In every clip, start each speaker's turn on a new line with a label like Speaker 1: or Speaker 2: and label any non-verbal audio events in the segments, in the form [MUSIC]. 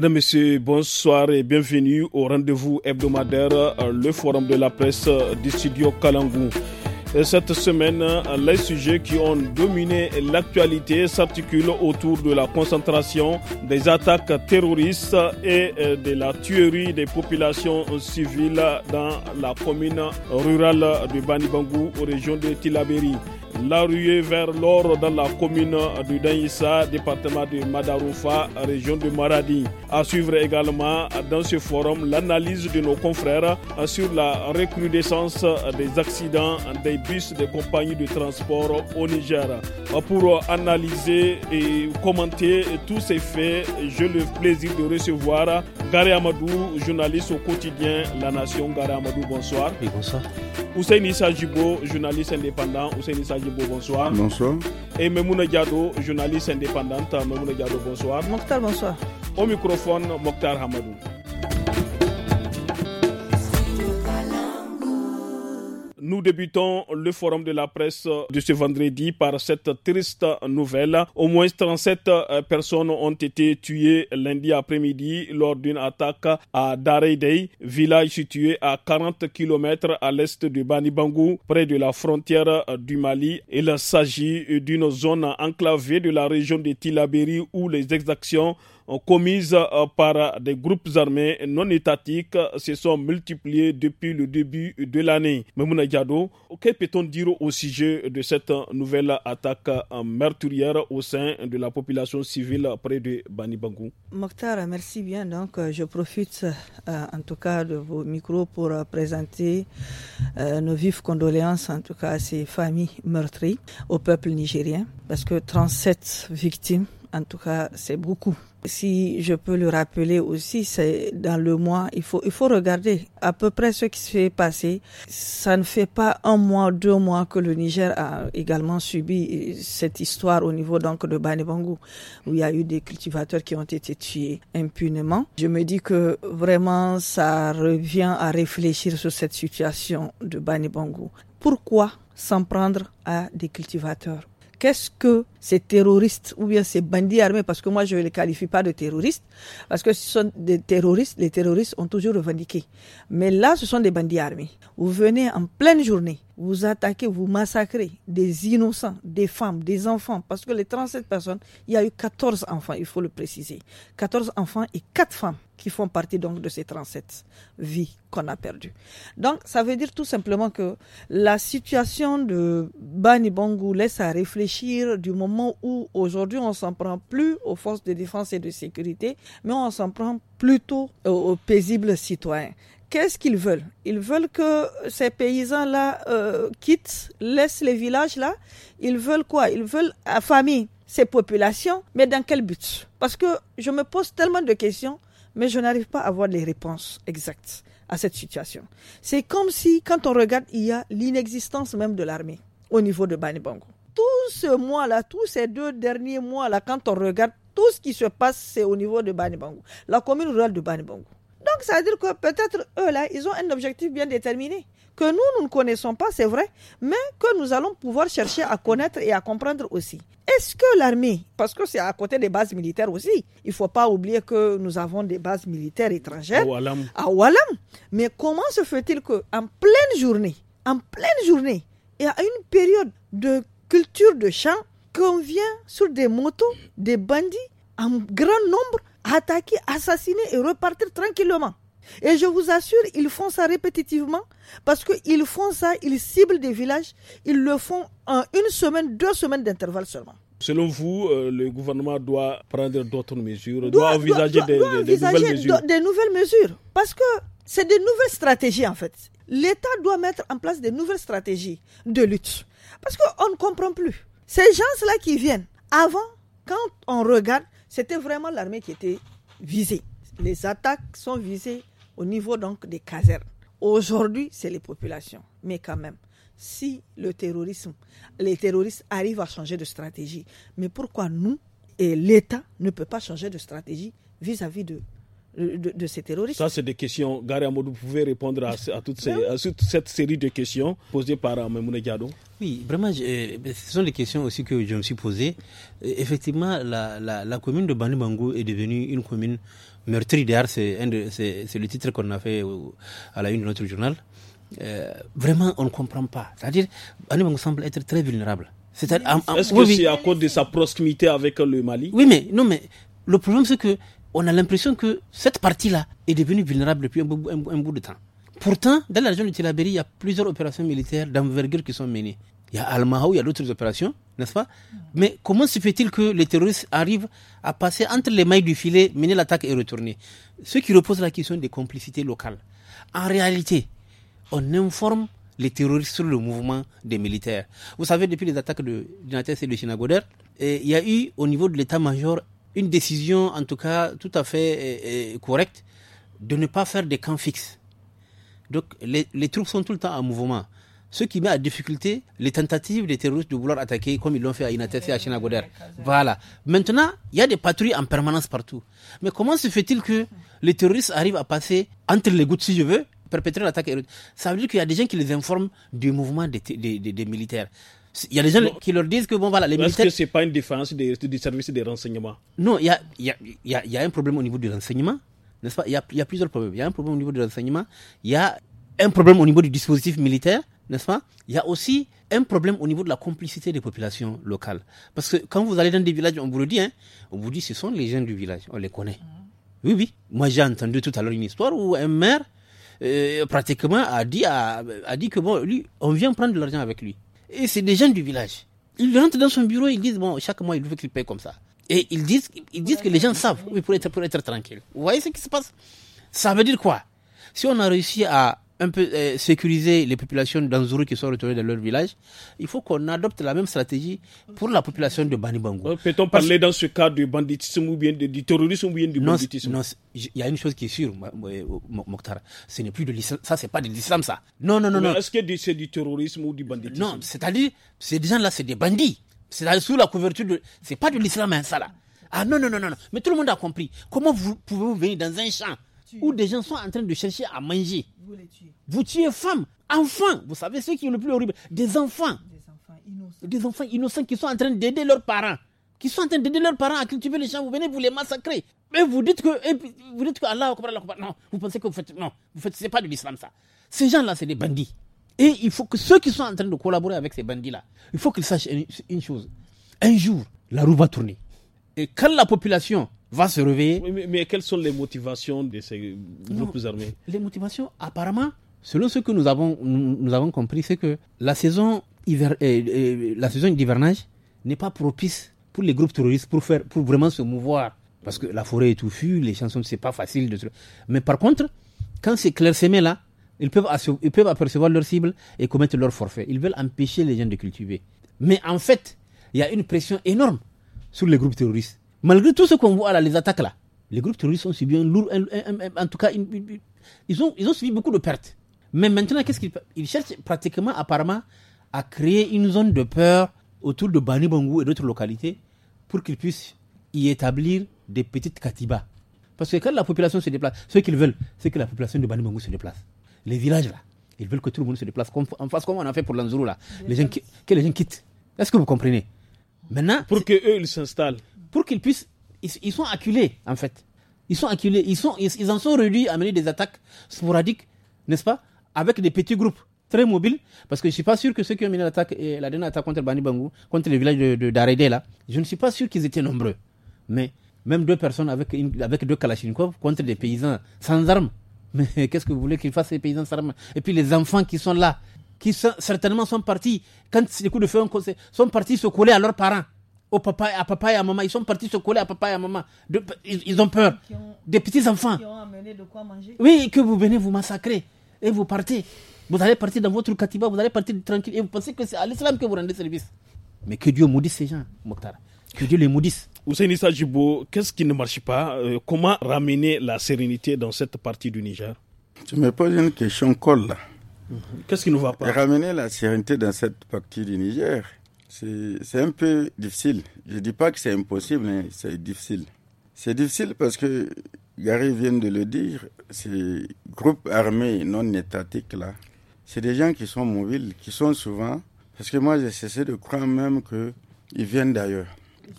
Speaker 1: Mesdames, Messieurs, bonsoir et bienvenue au rendez-vous hebdomadaire, euh, le forum de la presse euh, du studio Kalangou. Cette semaine, les sujets qui ont dominé l'actualité s'articulent autour de la concentration des attaques terroristes et euh, de la tuerie des populations civiles dans la commune rurale de Banibangou, région de Tilaberi. La ruée vers l'or dans la commune de Danissa, département de Madaroufa, région de Maradi. À suivre également dans ce forum l'analyse de nos confrères sur la recrudescence des accidents des bus des compagnies de transport au Niger. Pour analyser et commenter tous ces faits, j'ai le plaisir de recevoir Gary Amadou, journaliste au quotidien La Nation. Gary Amadou, bonsoir. Oui, bonsoir. Hussein Issa Jibo, journaliste indépendant. Hussein Issa Jibo, bonsoir. Bonsoir. Et Memouna Diado, journaliste indépendante. Memouna Diado, bonsoir. Mokhtar, bonsoir. Au microphone, Mokhtar Hamadou. Nous débutons le forum de la presse de ce vendredi par cette triste nouvelle. Au moins 37 euh, personnes ont été tuées lundi après-midi lors d'une attaque à Daredey, village situé à 40 km à l'est de Banibangou, près de la frontière euh, du Mali. Il s'agit d'une zone enclavée de la région de Tilaberi où les exactions euh, commises euh, par des groupes armés non étatiques se sont multipliées depuis le début de l'année. Memouna Diado, que peut-on dire au sujet de cette nouvelle attaque meurtrière au sein de la population civile près de Bani Bangou
Speaker 2: Mokhtar, merci bien. Donc, euh, je profite en tout cas de vos micros pour présenter nos vives condoléances en tout cas à ces familles meurtries au peuple nigérien parce que 37 victimes en tout cas, c'est beaucoup. Si je peux le rappeler aussi, c'est dans le mois, il faut, il faut regarder à peu près ce qui s'est passé. Ça ne fait pas un mois, deux mois que le Niger a également subi cette histoire au niveau donc de Banibangou, où il y a eu des cultivateurs qui ont été tués impunément. Je me dis que vraiment, ça revient à réfléchir sur cette situation de Banibangou. Pourquoi s'en prendre à des cultivateurs qu'est-ce que ces terroristes ou bien ces bandits armés, parce que moi je ne les qualifie pas de terroristes, parce que ce sont des terroristes, les terroristes ont toujours revendiqué. Mais là, ce sont des bandits armés. Vous venez en pleine journée vous attaquez, vous massacrez des innocents, des femmes, des enfants, parce que les 37 personnes, il y a eu 14 enfants, il faut le préciser. 14 enfants et 4 femmes qui font partie donc de ces 37 vies qu'on a perdues. Donc, ça veut dire tout simplement que la situation de Bani Bongo laisse à réfléchir du moment où aujourd'hui on s'en prend plus aux forces de défense et de sécurité, mais on s'en prend plutôt aux paisibles citoyens qu'est-ce qu'ils veulent Ils veulent que ces paysans-là euh, quittent, laissent les villages-là. Ils veulent quoi Ils veulent affamer ces populations, mais dans quel but Parce que je me pose tellement de questions, mais je n'arrive pas à avoir les réponses exactes à cette situation. C'est comme si, quand on regarde, il y a l'inexistence même de l'armée au niveau de Banibongo. Tout ce mois-là, tous ces deux derniers mois-là, quand on regarde, tout ce qui se passe, c'est au niveau de Banibongo, la commune rurale de Banibongo. Donc, ça veut dire que peut-être eux, là, ils ont un objectif bien déterminé, que nous, nous ne connaissons pas, c'est vrai, mais que nous allons pouvoir chercher à connaître et à comprendre aussi. Est-ce que l'armée, parce que c'est à côté des bases militaires aussi, il ne faut pas oublier que nous avons des bases militaires étrangères à Wallam. Mais comment se fait-il qu'en pleine journée, en pleine journée, et à une période de culture de champ, qu'on vient sur des motos, des bandits en grand nombre attaquer, assassiner et repartir tranquillement. Et je vous assure, ils font ça répétitivement parce qu'ils font ça, ils ciblent des villages, ils le font en une semaine, deux semaines d'intervalle seulement.
Speaker 1: Selon vous, euh, le gouvernement doit prendre d'autres mesures, doit, envisager, des, nouvelles mesures.
Speaker 2: des nouvelles mesures. Parce que c'est des nouvelles stratégies en fait. L'État doit mettre en place des nouvelles stratégies de lutte. Parce qu'on ne comprend plus. Ces gens-là qui viennent, avant, quand on regarde, c'était vraiment l'armée qui était visée. Les attaques sont visées au niveau donc des casernes. Aujourd'hui, c'est les populations. Mais quand même, si le terrorisme, les terroristes arrivent à changer de stratégie, mais pourquoi nous et l'État ne peut pas changer de stratégie vis-à-vis -vis de euh, de, ces terroristes.
Speaker 1: Ça, c'est des questions. Gary vous pouvez répondre à, toutes toute cette série de questions posées par euh, Mamoune Diado
Speaker 3: Oui, vraiment, euh, ce sont des questions aussi que je me suis posées. Effectivement, la, commune de Bangu est devenue une commune meurtrière. c'est le titre qu'on a fait à la une de notre journal. vraiment, on ne comprend pas. C'est-à-dire, Bangu semble être très vulnérable. Est-ce que c'est
Speaker 1: à cause de sa proximité avec le Mali Oui,
Speaker 3: mais non, mais le problème, c'est que on a l'impression que cette partie-là est devenue vulnérable depuis un, bout, de temps. Pourtant, dans la région de Tilaberi, il y a plusieurs opérations militaires d'envergure qui sont menées. Il y a al il y a d'autres opérations, n'est-ce pas Mais comment se fait-il que les terroristes arrivent à passer entre les mailles du filet, mener l'attaque et retourner Ce qui repose la question des complicités locales. En réalité, on informe les terroristes sur le mouvement des militaires. Vous savez, depuis les attaques de Dinates et de Chinagoder, eh, il y a eu au niveau de l'état-major une décision, en tout cas, tout à fait euh, euh, correcte de ne pas faire des camps fixes. Donc, les, troupes sont tout le temps en mouvement. Ce qui met à difficulté les tentatives des terroristes de vouloir attaquer comme ils l'ont fait à Inates et à Chinagoder. Voilà. Maintenant, il y a des patrouilles en permanence partout. Mais comment se fait-il que les terroristes arrivent à passer entre les gouttes, si je veux, perpétrer l'attaque Ça veut dire qu'il y a des gens qui les informent du mouvement des militaires. Il y a des gens qui leur disent que bon voilà les militaires. Est-ce que c'est pas une différence des, des services de renseignement Non, il y a, y, a, y a, un problème au niveau du renseignement, n'est-ce pas Il y, y a plusieurs problèmes. Il y a un problème au niveau du renseignement. Il y a un problème au niveau du dispositif militaire, n'est-ce pas Il y a aussi un problème au niveau de la complicité des populations locales. Parce que quand vous allez dans des villages, on vous le dit, hein, on vous dit ce sont les gens du village, on les connaît. Mm. Oui, oui. Moi, j'ai entendu tout à l'heure une histoire où un maire, euh, pratiquement, a dit, a dit que bon, lui, on vient prendre de l'argent avec lui. Et c'est des gens du village. Ils rentrent dans son bureau, ils disent, bon, chaque mois, il veut qu'il paye comme ça. Et ils disent, ils disent que les gens savent, oui, pour être, pour être tranquille. Vous voyez ce qui se passe? Ça veut dire quoi? Si on a réussi à un peu euh, sécuriser les populations d'Anzuru qui sont retournées dans leur village, il faut qu'on adopte la même stratégie pour la population de Bangou. Euh, peut-on parler dans ce cas du banditisme ou bien du terrorisme ou bien du banditisme Non, il y a une chose qui est sûre, euh, Mokhtar, ce n'est plus de l'islam, ça c'est pas de l'islam ça. Non, non, non. est-ce que c'est du terrorisme ou du banditisme Non, c'est-à-dire, ces gens-là c'est des bandits. cest sous la couverture de... C'est pas de l'islam hein, ça là. Ah non, non, non, non, non. Mais tout le monde a compris. Comment vous pouvez vous venir dans un champ où des gens sont en train de chercher à manger. Vous les tuez. Vous tuez femmes, enfants. Vous savez ce qui est le plus horrible Des enfants. Des enfants innocents. Des enfants innocents qui sont en train d'aider leurs parents. Qui sont en train d'aider leurs parents à cultiver les gens. Vous venez, vous les massacrer. Mais vous dites que, vous dites que Allah, non, vous pensez que vous faites, non, vous faites, c'est pas de l'islam ça. Ces gens-là, c'est des bandits. Et il faut que ceux qui sont en train de collaborer avec ces bandits-là, il faut qu'ils sachent une, chose. Un jour, la roue va tourner. Et quand la population
Speaker 1: va se réveiller. mais, quelles sont les motivations de ces groupes armés
Speaker 3: Les motivations, apparemment, selon ce que nous avons, nous, avons compris, c'est que la saison, hiver, euh, euh, la saison d'hivernage n'est pas propice pour les groupes terroristes pour, faire, pour vraiment se mouvoir. Parce que la forêt est touffue, les chansons, c'est pas facile de Mais par contre, quand c'est clairsemé là, ils peuvent, ils peuvent apercevoir leurs cibles et commettre leur forfait. Ils veulent empêcher les gens de cultiver. Mais en fait, il y a une pression énorme sur les groupes terroristes malgré tout ce qu'on voit là, les attaques là, les groupes terroristes ont subi un lourd, en tout cas, ils, ont, subi beaucoup de pertes. Mais maintenant, qu'est-ce qu'ils ils cherchent pratiquement, apparemment, à créer une zone de peur autour de Bani Bangou et d'autres localités pour qu'ils puissent y établir des petites katibas. Parce que quand la population se déplace, ce qu'ils veulent, c'est que la population de Bani se déplace. Les villages là, ils veulent que tout le monde se déplace, en face, comme on a fait pour l'Anzuru là, les que les gens quittent. Est-ce que vous comprenez Maintenant, pour que eux ils s'installent pour qu'ils puissent. Ils, sont acculés, en fait. Ils sont acculés. Ils, sont, ils, en sont réduits à mener des attaques sporadiques, n'est-ce pas Avec des petits groupes très mobiles. Parce que je ne suis pas sûr que ceux qui ont mené l'attaque, la dernière attaque contre Bani contre le village de, là, je ne suis pas sûr qu'ils étaient nombreux. Mais même deux personnes avec, avec deux Kalachnikov contre des paysans sans armes. [LAUGHS] Mais qu'est-ce que vous voulez qu'ils fassent, ces paysans sans armes Et puis les enfants qui sont là, qui certainement sont partis, quand les coups de feu ont sont partis se coller à leurs parents au papa à papa et à maman. Ils sont partis se coller à papa et à maman. ils, ont peur. des petits enfants. ont amené de quoi manger. Oui, que vous venez vous massacrer. Et vous partez. Vous allez partir dans votre katiba, vous allez partir tranquille. Et vous pensez que c'est à l'islam que vous rendez service. Mais que Dieu maudisse ces gens, Mokhtar. Que Dieu les maudisse. Nissa Sajibo,
Speaker 1: qu'est-ce qui ne marche pas euh, Comment ramener la sérénité dans cette partie du Niger
Speaker 4: Tu me poses une question colle Qu'est-ce qui ne va pas Ramener la sérénité dans cette partie du Niger c'est un peu difficile. Je ne dis pas que c'est impossible, mais c'est difficile. C'est difficile parce que, Gary vient de le dire, ces groupes armés non étatiques, là, c'est des gens qui sont mobiles, qui sont souvent... Parce que moi, j'ai cessé de croire même qu'ils viennent d'ailleurs.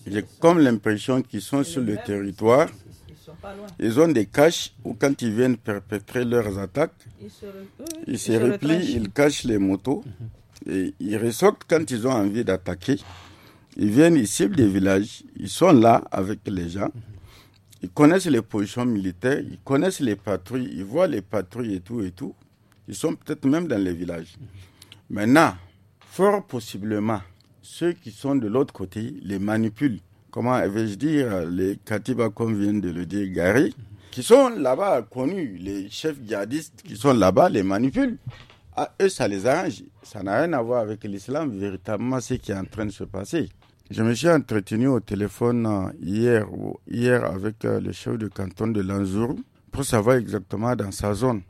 Speaker 4: J'ai comme l'impression qu'ils sont sur le territoire. Ils ont des caches où quand ils viennent perpétrer leurs attaques,
Speaker 2: ils se replient, ils
Speaker 4: cachent les motos. Mhm ils ressortent quand ils ont envie d'attaquer. Ils viennent, ici des villages, ils sont là avec les gens. Ils connaissent les positions militaires, ils connaissent les patrouilles, ils voient les patrouilles et tout et tout. Ils sont peut-être même dans les villages. Maintenant, fort possiblement, ceux qui sont de l'autre côté les manipulent. Comment vais-je dire Les Katiba, comme vient de le dire Gary, qui sont là-bas connus, les chefs djihadistes qui sont là-bas les manipulent. Ah, eux, ça les arrange. Ça n'a rien à voir avec l'islam, véritablement, ce qui est en train de se passer. Je me suis entretenu au téléphone euh, hier, hier avec euh, le chef du canton de Lanzour pour savoir exactement dans sa zone.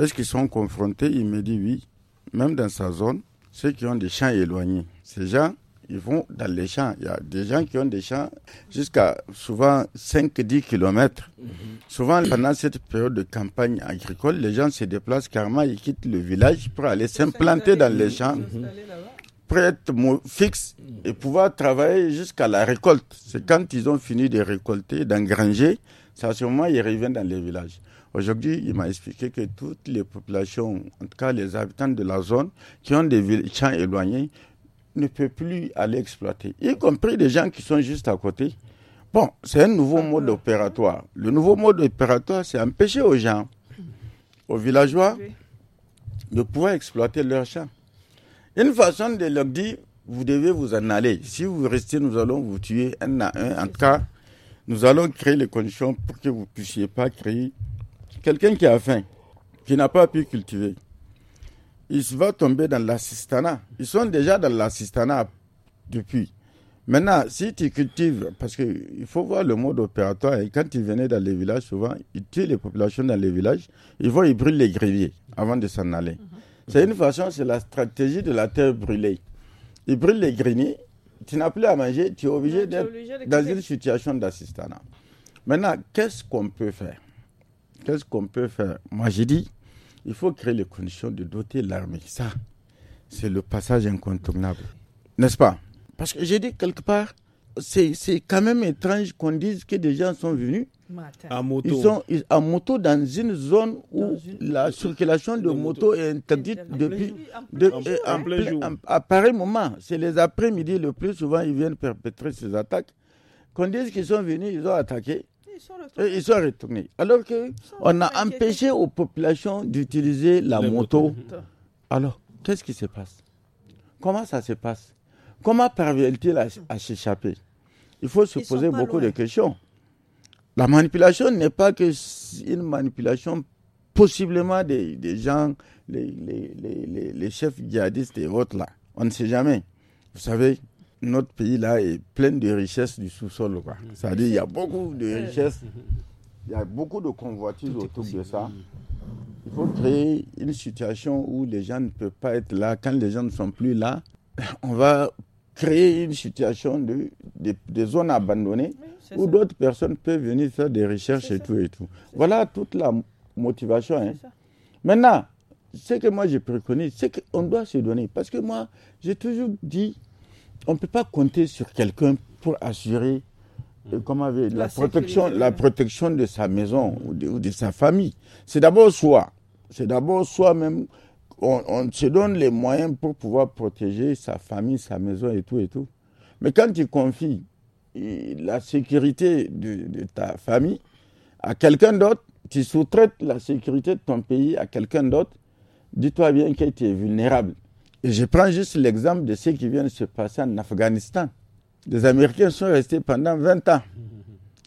Speaker 4: Est-ce qu'ils sont confrontés Il me dit oui. Même dans sa zone, ceux qui ont des champs éloignés, ces gens ils vont dans les champs. Il y a des gens qui ont des champs jusqu'à souvent 5-10 kilomètres. Mhm. Souvent, pendant cette période de campagne agricole, les gens se déplacent carrément, ils quittent le village pour aller s'implanter dans les champs, pour mhm. être fixe et pouvoir travailler jusqu'à la récolte. C'est quand ils ont fini de récolter, d'engranger, ça à ce moment ils reviennent dans les villages. Aujourd'hui, il m'a expliqué que toutes les populations, en tout cas les habitants de la zone, qui ont des champs éloignés, ne peut plus aller exploiter, y compris des gens qui sont juste à côté. Bon, c'est un nouveau ah. mode opératoire. Le nouveau mode opératoire, c'est empêcher aux gens, aux villageois, de pouvoir exploiter leurs champs. Une façon de leur dire, vous devez vous en aller. Si vous restez, nous allons vous tuer un à un. En tout cas, nous allons créer les conditions pour que vous ne puissiez pas créer quelqu'un qui a faim, qui n'a pas pu cultiver. Ils vont tomber dans l'assistanat. Ils sont déjà dans l'assistanat depuis. Maintenant, si tu cultives, parce qu'il faut voir le mode opératoire, et quand ils venaient dans les villages, souvent, ils tuent les populations dans les villages, ils vont, ils brûlent les greniers avant de s'en aller. Mhm. C'est une façon, c'est la stratégie de la terre brûlée. Ils brûlent les greniers, tu n'as plus à manger, tu es obligé d'être dans une situation d'assistanat. Maintenant, qu'est-ce qu'on peut faire Qu'est-ce qu'on peut faire Moi, j'ai dit, il faut créer les conditions de doter l'armée. Ça, c'est le passage incontournable. N'est-ce pas Parce que j'ai dit quelque part, c'est quand même étrange qu'on dise que des gens sont venus à moto. Ils sont moto dans une zone où la circulation de, moto est interdite depuis à pareil moment. C'est les après-midi le plus souvent ils viennent perpétrer ces attaques. Qu'on dise qu'ils sont venus, ils ont attaqué ils sont euh, retournés. Alors qu'on a empêché aux populations d'utiliser la moto. Alors, qu'est-ce qui se passe Comment ça se passe Comment parviennent-ils à, s'échapper Il faut se poser beaucoup de questions. La manipulation n'est pas que une manipulation possiblement des, gens, les, les, chefs djihadistes et autres là. On ne sait jamais. Vous savez, notre pays là est plein de richesses du sous-sol. Quoi. Mm. C'est-à-dire il y a beaucoup de mm. richesses, mm. il y a beaucoup de convoitises autour de ça. Il faut créer une situation où les gens ne peuvent pas être là. Quand les gens ne sont plus là, [LAUGHS] on va créer une situation de, des zones abandonnées où d'autres personnes peuvent venir faire des recherches et tout et tout. Voilà toute la motivation. Hein. Maintenant, ce que moi je préconise, c'est qu'on doit se donner. Parce que moi, j'ai toujours dit, on ne peut pas compter sur quelqu'un pour assurer euh, la, protection, de sa maison ou de, sa famille. C'est d'abord soi. C'est d'abord soi-même. On, se donne les moyens pour pouvoir protéger sa famille, sa maison et tout et tout. Mais quand tu confies euh, la sécurité de, de ta famille à quelqu'un d'autre, tu sous-traites la sécurité de ton pays à quelqu'un d'autre, dis-toi bien que tu es vulnérable je prends juste l'exemple de ce qui vient de se passer en Afghanistan. Les Américains sont restés pendant 20 ans.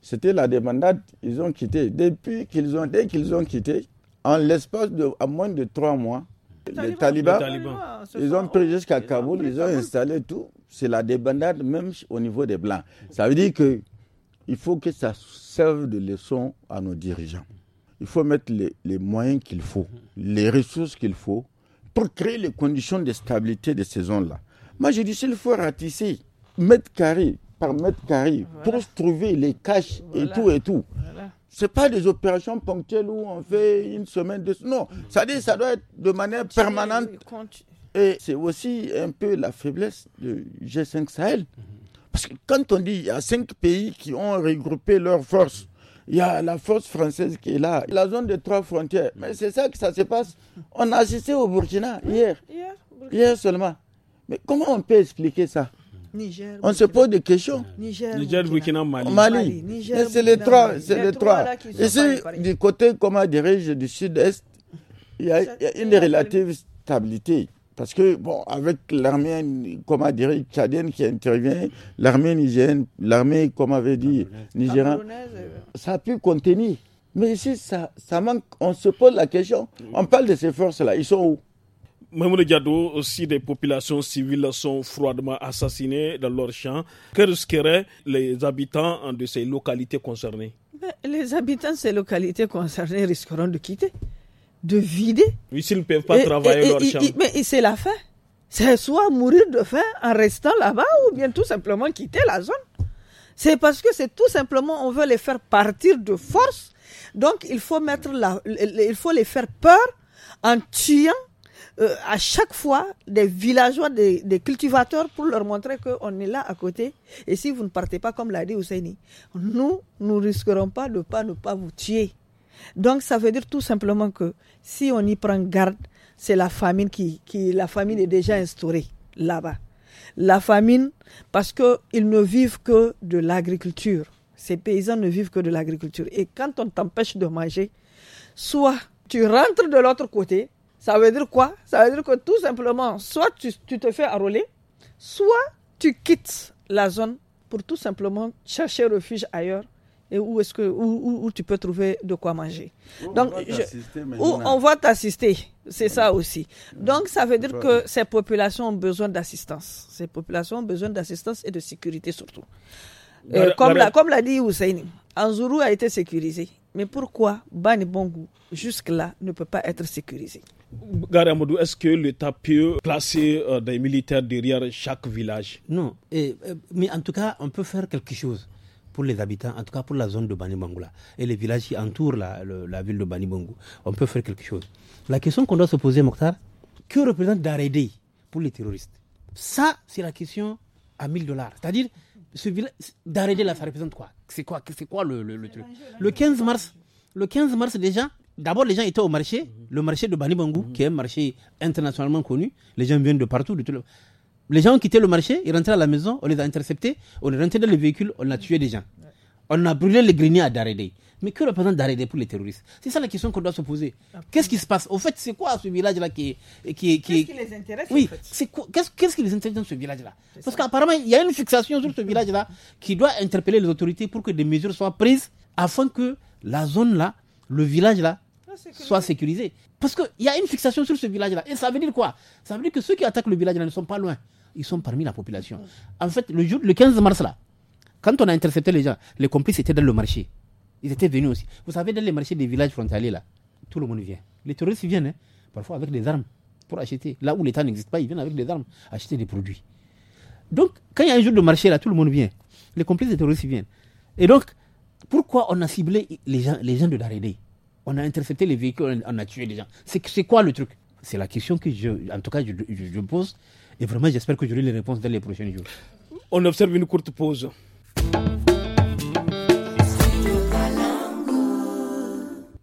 Speaker 4: C'était la débandade, ils ont quitté. Depuis qu'ils ont, dès qu'ils ont quitté, en l'espace de moins de trois mois, les, talibans, ils ont pris jusqu'à Kaboul, ils ont installé tout. C'est la débandade même au niveau des Blancs. Ça veut dire que il faut que ça serve de leçon à nos dirigeants. Il faut mettre les moyens qu'il faut, les ressources qu'il faut pour créer les conditions de stabilité de ces zones-là. Moi, j'ai dis, s'il faut ratisser mètre carré par mètre carré pour trouver les caches et tout et tout. C'est Ce n'est pas des opérations ponctuelles où on fait une semaine, deux Non, ça, dit, ça doit être de manière permanente. Et c'est aussi un peu la faiblesse du G5 Sahel. Mhm. Parce que quand on dit qu'il y a cinq pays qui ont regroupé leurs forces il y a la force française qui est là, la zone des trois frontières. Mais c'est ça que ça se passe. On a assisté au Burkina hier, hier, seulement. Mais comment on peut expliquer ça
Speaker 2: Niger, on se
Speaker 4: pose des questions. Niger, Burkina, Mali. Mali. c'est les trois. C'est les trois. Ici, du côté, comment dirais du sud-est, il y a une relative stabilité. Parce que, bon, avec l'armée, comment dire, tchadienne qui intervient, l'armée nigérienne, l'armée, comme avait dit Nigéra, ça a pu contenir. Mais ici, ça, manque. On se pose la question. On parle de ces forces-là. Ils sont où le Diado, aussi des populations civiles sont froidement
Speaker 1: assassinées dans leurs champs, que risqueraient les habitants de ces localités concernées
Speaker 2: Les habitants de ces localités concernées risqueront de quitter de vider.
Speaker 1: Oui, s'ils ne peuvent pas travailler
Speaker 2: mais c'est la fin. C'est soit mourir de faim en restant là-bas ou bien tout simplement quitter la zone. C'est parce que c'est tout simplement, on veut les faire partir de force. Donc, il faut mettre la, il faut les faire peur en tuant euh, à chaque fois des villageois, des, cultivateurs pour leur montrer qu'on est là à côté. Et si vous ne partez pas, comme l'a dit Ouseni nous, nous risquerons pas de pas ne pas vous tuer. Donc ça veut dire tout simplement que si on y prend garde, c'est la famine qui, qui, la famine est déjà instaurée là-bas. La famine, parce qu'ils ne vivent que de l'agriculture. Ces paysans ne vivent que de l'agriculture. Et quand on t'empêche de manger, soit tu rentres de l'autre côté, ça veut dire quoi Ça veut dire que tout simplement, soit tu, tu te fais arroler, soit tu quittes la zone pour tout simplement chercher refuge ailleurs et où est-ce que où, tu peux trouver de quoi manger. Oh, Donc on où on va t'assister, c'est ça aussi. Donc ça veut dire que ces populations ont besoin d'assistance. Ces populations ont besoin d'assistance et de sécurité surtout. comme, la, comme l'a dit Hussein, Anzourou a été sécurisé. Mais pourquoi Bani Bongo, jusque-là, ne peut pas être sécurisé
Speaker 1: Amadou, est-ce que l'État peut placer euh, des militaires derrière chaque
Speaker 3: village Non. Et, euh, mais en tout cas, on peut faire quelque chose pour les habitants, en tout cas pour la zone de Bani Banibangula et les villages qui entourent la, ville de Bani Banibangu. On peut faire quelque chose. La question qu'on doit se poser, Mokhtar, que représente Daredei pour les terroristes Ça, c'est la question à 1000 dollars. C'est-à-dire, ce là, ça représente quoi C'est quoi, c'est quoi le, truc hein. Le 15 mars, le 15 mars déjà, D'abord, les gens étaient au marché, mmh. le marché de Bani Bangou, mmh. qui est un marché internationalement connu. Les gens viennent de partout. De tout le... Les gens ont quitté le marché, ils rentraient à la maison, on les a interceptés, on est rentré dans les véhicules, on a tué des gens. On a brûlé les greniers à Daredé. Mais que représente Daredé pour les terroristes C'est ça la question qu'on doit se poser. Qu'est-ce qui se passe Au fait, c'est quoi ce village-là qui, qui, qui... Qu'est-ce qui les intéresse Oui, qu'est-ce qui les intéresse dans ce village-là Parce qu'apparemment, il y a une fixation sur ce village-là qui doit interpeller les autorités pour que des mesures soient prises afin que la zone-là, le village-là, ah, soit sécurisé. Parce qu'il y a une fixation sur ce village-là. Et ça veut dire quoi Ça veut dire que ceux qui attaquent le village-là ne sont pas loin ils sont parmi la population. En fait, le le 15 mars, là, quand on a intercepté les gens, les complices étaient dans le marché. Ils étaient venus aussi. Vous savez, dans les marchés des villages frontaliers, là, tout le monde vient. Les terroristes viennent, hein, parfois avec des armes, pour acheter. Là où l'État n'existe pas, ils viennent avec des armes, acheter des produits. Donc, quand il y a un jour de marché, là, tout le monde vient. Les complices des terroristes viennent. Et donc, pourquoi on a ciblé les gens, les gens de Daredé On a intercepté les véhicules, on a tué les gens. C'est quoi le truc C'est la question que je, en tout cas, je pose et vraiment, j'espère que j'aurai les réponses dans les prochains jours.
Speaker 1: On observe une courte pause.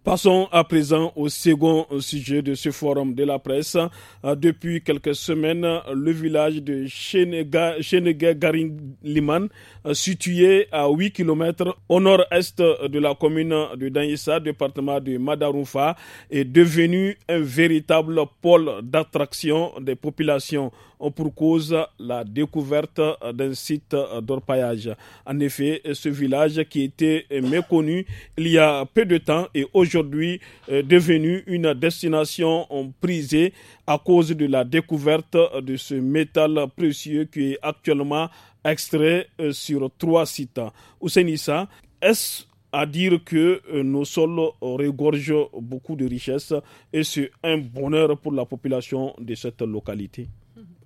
Speaker 1: Passons à présent au second sujet de ce forum de la presse. Euh, depuis quelques semaines, le village de chenega liman euh, situé à 8 km au nord-est de la commune de Danyessa, département de Madaroufa, est devenu un véritable pôle d'attraction des populations euh, pour cause la découverte euh, d'un site euh, d'orpaillage. En effet, ce village qui était méconnu il y a peu de temps est aujourd'hui devenu une destination prisée à cause de la découverte de ce métal précieux qui est actuellement extrait sur trois sites. Ousenissa, est-ce à dire que nos sols regorgent beaucoup de richesses et c'est un bonheur pour la population de cette localité.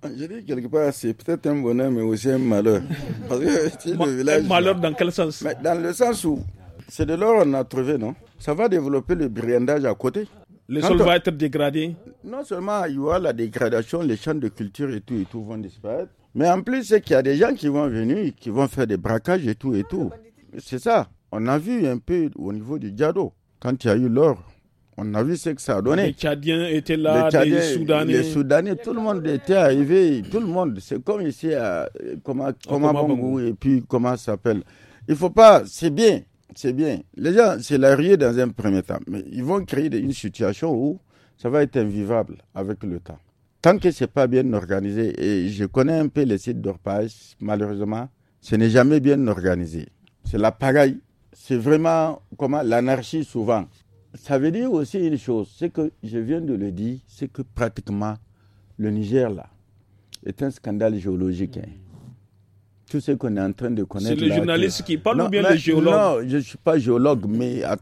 Speaker 4: Ah, je dis quelque part, c'est peut-être un bonheur, mais aussi un malheur. [LAUGHS] un malheur dans quel sens Dans le sens où c'est de l'or qu'on a trouvé, non Ça va développer le briandage à côté. Le sol va être dégradé Non seulement il y aura la dégradation, les champs de culture et tout et tout vont disparaître, mais en plus, c'est qu'il y a des gens qui vont venir, qui vont faire des braquages et tout et tout. C'est ça. On a vu un peu au niveau du Diado, quand il y a eu l'or, on a vu ce que ça a donné. Les
Speaker 1: Tchadiens étaient là, les, Soudanais. Les
Speaker 4: Soudanais, tout le monde était arrivé, tout le monde. C'est comme ici à comment, comment et puis comment ça s'appelle. Il faut pas, c'est bien, c'est bien. Les gens, c'est la rue dans un premier temps, mais ils vont créer une situation où ça va être invivable avec le temps. Tant que c'est pas bien organisé, et je connais un peu les sites d'orpage, malheureusement, ce n'est jamais bien organisé. C'est la pareille. C'est vraiment comment l'anarchie souvent ça veut dire aussi une chose, c'est que je viens de le dire, c'est que pratiquement le Niger là est un scandale géologique. Hein tout ce qu'on est en train de connaître. C'est le journaliste qui parle ou bien le géologue Non, je ne suis pas géologue, mais à,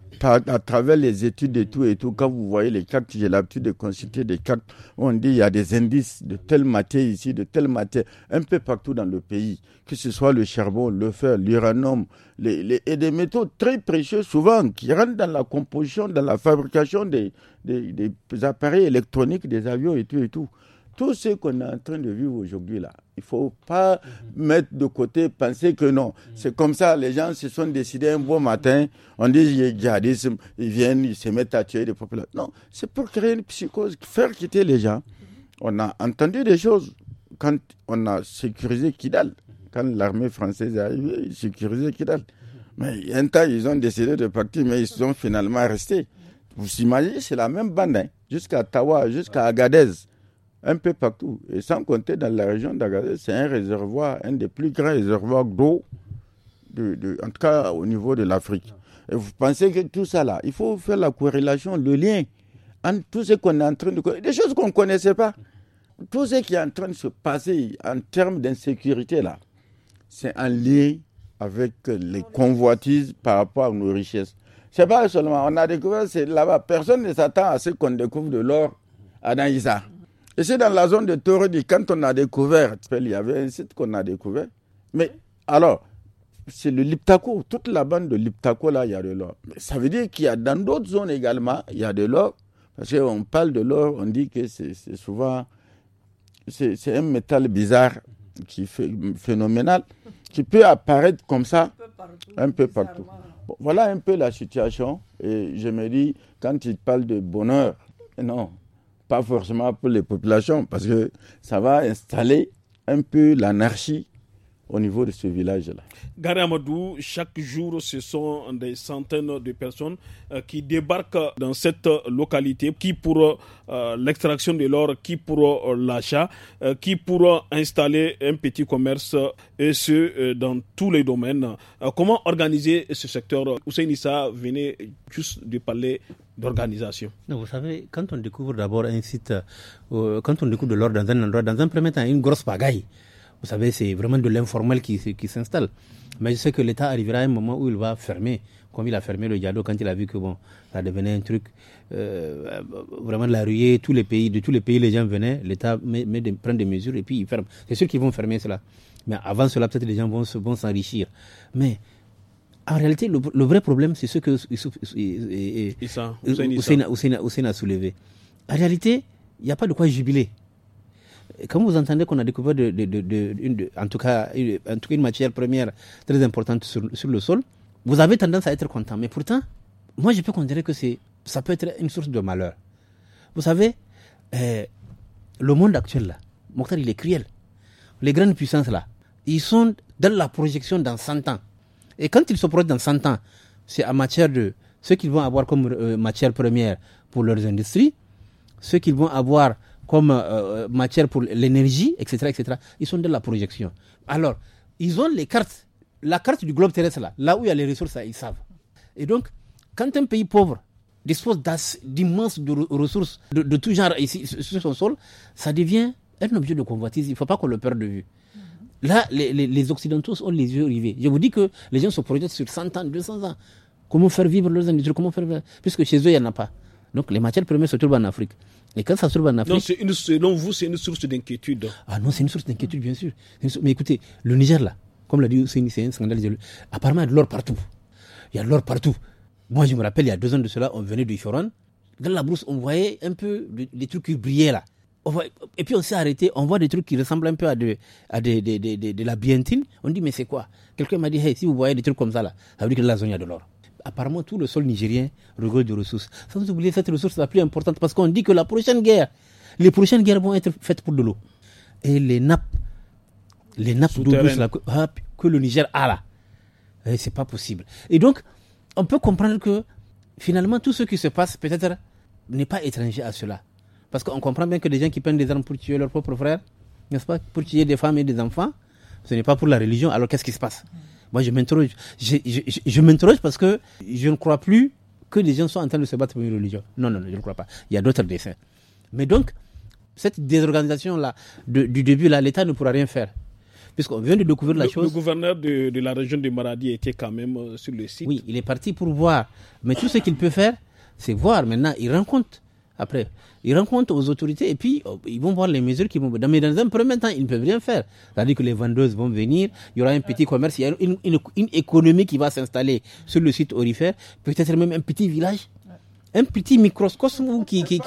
Speaker 4: travers les études et tout, et tout, quand vous voyez les cartes, j'ai l'habitude de consulter des cartes on dit il y a des indices de telle matière ici, de telle matière, un peu partout dans le pays, que ce soit le charbon, le fer, l'uranum, et des métaux très précieux souvent qui rentrent dans la composition, dans la fabrication des, des, des appareils électroniques, des avions et tout et tout. Tout ce qu'on est en train de vivre aujourd'hui là, il faut pas mhm. mettre de côté, penser que non. Mhm. C'est comme ça, les gens se sont décidés un beau matin, on dit il y a ils viennent, ils se mettent à tuer des populations. Non, c'est pour créer une psychose, faire quitter les gens. Mhm. On a entendu des choses quand on a sécurisé Kidal, quand l'armée française est arrivée, ils sécurisaient Kidal. Mais un temps, ils ont décidé de partir, mais ils sont finalement restés. Vous imaginez, c'est la même bande, hein, jusqu'à Tawa, jusqu'à Agadez un peu partout. Et sans compter dans la région d'Agadez, c'est un réservoir, un des plus grands réservoirs d'eau, de, en tout cas au niveau de l'Afrique. Et vous pensez que tout ça là, il faut faire la corrélation, le lien entre tout ce qu'on est en train de des choses qu'on ne connaissait pas. Tout ce qui est en train de se passer en termes d'insécurité là, c'est un lien avec les convoitises par rapport à nos richesses. C'est pas seulement, on a découvert, c'est là-bas, personne ne s'attend à ce qu'on découvre de l'or à Naïsa. Et c'est dans la zone de Toredi, quand on a découvert, il y avait un site qu'on a découvert. Mais alors, c'est le Liptako, toute la bande de Liptako, là, il y a de l'or. ça veut dire qu'il y a dans d'autres zones également, il y a de l'or. Parce qu'on parle de l'or, on dit que c'est souvent. C'est un métal bizarre, qui fait, phénoménal, qui peut apparaître comme ça, un peu partout. voilà un peu la situation. Et je me dis, quand il parle de bonheur, non, pas forcément pour les populations, parce que ça va installer un peu l'anarchie au niveau de ce village-là.
Speaker 1: Garamadou, chaque jour, ce sont des centaines de personnes euh, qui débarquent dans cette localité, qui pour euh, l'extraction de l'or, qui pour euh, l'achat, qui pour installer un petit commerce, et ce, dans tous les domaines. comment organiser ce secteur Hussein Issa venait juste de parler d'organisation.
Speaker 3: Vous savez, quand on découvre d'abord un site, quand on découvre de l'or dans un endroit, dans un premier temps, une grosse pagaille. Vous savez, c'est vraiment de l'informel qui, qui s'installe. Mais je sais que l'État arrivera à un moment où il va fermer, comme il a fermé le Diado quand il a vu que bon, ça devenait un truc euh, vraiment de la ruée. Tous les pays, de tous les pays, les gens venaient. L'État prend des mesures et puis il ferme. C'est sûr qu'ils vont fermer cela. Mais avant cela, peut-être les gens vont, s'enrichir. Mais en réalité, le, vrai problème, c'est ce que Hussein a soulevé. En réalité, il n'y a pas de quoi jubiler quand vous entendez qu'on a découvert, de, en, tout cas, une, tout une matière première très importante sur, le sol, vous avez tendance à être content. Mais pourtant, moi, je peux considérer que ça peut être une source de malheur. Vous savez, euh, le monde actuel, là, Mokhtar, il est cruel. Les grandes puissances, là, ils sont dans la projection dans 100 ans. Et quand ils se projettent dans 100 ans, c'est en matière de ce qu'ils vont avoir comme euh, matière première pour leurs industries, ce qu'ils vont avoir comme euh, euh, matière pour l'énergie, etc., etc. Ils sont de la projection. Alors, ils ont les cartes, la carte du globe terrestre, là, là où il y a les ressources, ils savent. Et donc, quand un pays pauvre dispose d'immenses ressources de, tout genre ici sur son sol, ça devient un objet de convoitise. Il ne faut pas qu'on le perde de vue. Mm-hmm. Là, les, Occidentaux ont les yeux rivés. Je vous dis que les gens se projettent sur 100 ans, 200 ans. Comment faire vivre leurs industries Comment faire Puisque chez eux, il n'y en a pas. Donc, les matières premières se trouvent en Afrique. Et quand ça se trouve en Afrique.
Speaker 1: Non, selon vous, c'est une source d'inquiétude.
Speaker 3: Ah non, c'est une source d'inquiétude, bien sûr. Mais écoutez, le Niger, là, comme l'a dit c'est un scandale. Apparemment, il y a de l'or partout. Il y a de l'or partout. Moi, je me rappelle, il y a deux ans de cela, on venait du Choron. Dans la brousse, on voyait un peu des trucs qui brillaient, là. Et puis on s'est arrêté, on voit des trucs qui ressemblent un peu à de, la bientine. On dit, mais c'est quoi Quelqu'un m'a dit, si vous voyez des trucs comme ça, là, ça veut dire que la zone, il y a de l'or apparemment tout le sol nigérien regorge de ressources. Sans oublier cette ressource la plus importante parce qu'on dit que la prochaine guerre, les prochaines guerres vont être faites pour de l'eau. Et les nappes, les nappes d'eau ah, que le Niger a là, eh, c'est pas possible. Et donc, on peut comprendre que finalement tout ce qui se passe peut-être n'est pas étranger à cela. Parce qu'on comprend bien que des gens qui prennent des armes pour tuer leurs propres frères, n'est-ce pas, pour tuer des femmes et des enfants, ce n'est pas pour la religion, alors qu'est-ce qui se passe moi, je m'interroge. Je, m'interroge parce que je ne crois plus que les gens sont en train de se battre pour une religion. Non, non, non je ne crois pas. Il y a d'autres dessins. Mais donc, cette désorganisation-là, du début, là, l'État ne pourra rien faire puisqu'on vient de découvrir la chose. Le gouverneur de, la région de Maradi était quand même euh, sur le site. Oui, il est parti pour voir. Mais tout ce qu'il peut faire, c'est voir. Maintenant, il rencontre après. Ils rendent aux autorités et puis oh, ils vont voir les mesures qu'ils vont. Mais dans un premier temps, ils ne peuvent rien faire. C'est-à-dire que les vendeuses vont venir, il y aura un petit commerce, il y a une, économie qui va s'installer sur le site orifère, peut-être même un petit village un petit microcosme qui, qui,